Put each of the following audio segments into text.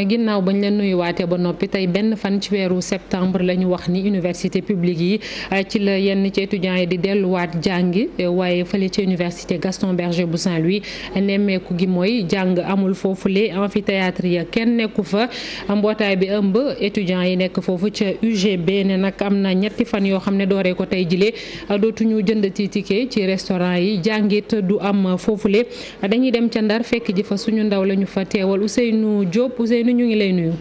ginnaaw bañ leen nuyuwaatee ba noppi tey benn fan ci weeru septembre la ñu wax ni université publique yi euh, ci la yenn ci étudiants yi di delluwaat jàngi euh, waaye fële ci université Gaston Berger bu Saint-Louis nemmeeku gi mooy jàng amul foofu foofule amphithéâtre ya kenn nekku fa mbootaay bi ëmb étudiants yi nekk foofu ca ug ne nag am na ñetti fan yoo xam ne dooree ko tey jile dootuñu jënd ci ticket ci restaurant yi jàngit du am foofule dañuy dem ca Ndar ndaw la ñu Ousseynou ñu ngi lay nuyu.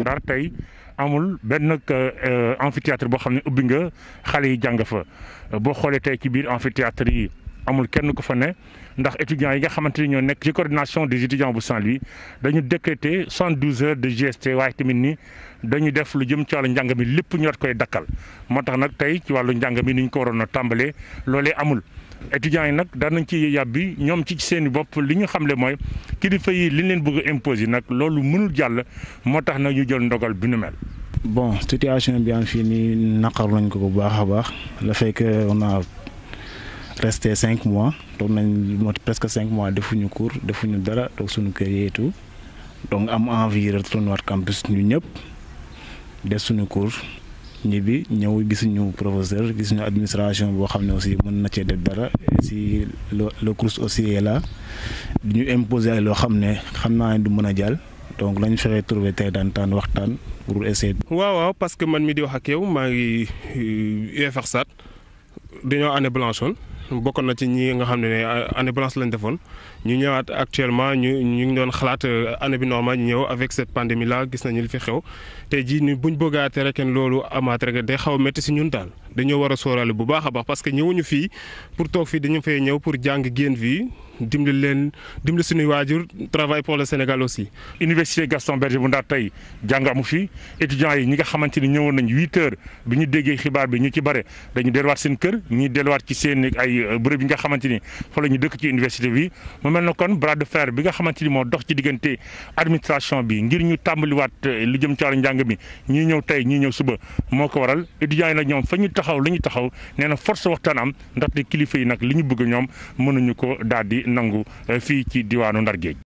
Ndar tay amul benn euh, amphithéâtre boo xam ne ubbi nga xale yi jàng fa boo xoolee tey ci biir amphithéâtre yi amul kenn ku fa ne ndax étudiants yi nga xamante ni ñoo nekk ci coordination des étudiants bu Saint-Louis dañu décrété 72 heures de GST waaye tamit ni dañu def lu jëm ci wàllu njàng mi lépp ñoo koy dakkal moo tax nag tey ci wàllu njàng mi ni ñu ko waroon a tàmbalee loolee amul étudiants nak dañ nañ ci yàbbi ñom ci seen i bopp li ñu xamlé moy kilifa yi li leen bëgg a imposer nag loolu mënul jall motax na ñu jël ndogal bi nu mel. bon situation bien fini nakar lañ naqar ko bu baax a baax la fekk on a resté 5 mois donc nañ mot presque 5 mois defu ñu cours defu ñu dara toog suñu kër yeetu donc am envie retourner waat campus ñu ñëpp def suñu cours. ñibbi ñëw gisuñu professeur gisuñu administration boo xam ne aussi mën na cee def dara si le CROUS aussi est là du ñu imposer ay loo xam ne xam naa ne du mën a jàll donc lañu fexee trouver tey daan taan waxtaan pour essayer. waaw waaw parce que man mi di wax ak yow maa ngi euh, UFR SAT dañoo année blanche woon bokkoon na ci ñi nga xam ne ne euh, année blanche lañ defoon ñu ñëwaat actuellement ñu ñu ngi doon xalaat euh, année bi normal ñu ñëw avec cette pandémie là gis nañu li fi xew te jii ni buñ bëggaate rek loolu amaat rek day xaw a métti si ñun daal dañoo war a sóoraale bu baax a baax parce que ñëwuñu fii pour toog fii dañu fee ñëw pour jàng génn fii dimbali leen dimbali suñuy waajur travail pour le Sénégal aussi. Université Gaston Berger bu ndaa tey jàng amu fi étudiants yi ñi nga xamante ni ñëwoon nañ huit heures bi ñu déggee xibaar bi ñu ci bare dañu delluwaat seen kër ñu delluwaat ci seen ay euh, bërëb bi nga xamante ni fa la ñu dëkk ci université bi. mu mel na kon bras de fer bi nga xamante ni moo dox ci diggante administration bi ngir ñu tàmbaliwaat euh, lu jëm ci wàllu njàng mi ñii ñëw tey ñii ñëw suba moo ko waral étudiants yi nag ñoom fa ñu taxaw la ñu taxaw nee na force waxtaan am ndaxte kilifa yi nag li ñu bëgg ñoom mënuñu ko daal di nangu eh, fii ci diwaanu Ndar Géej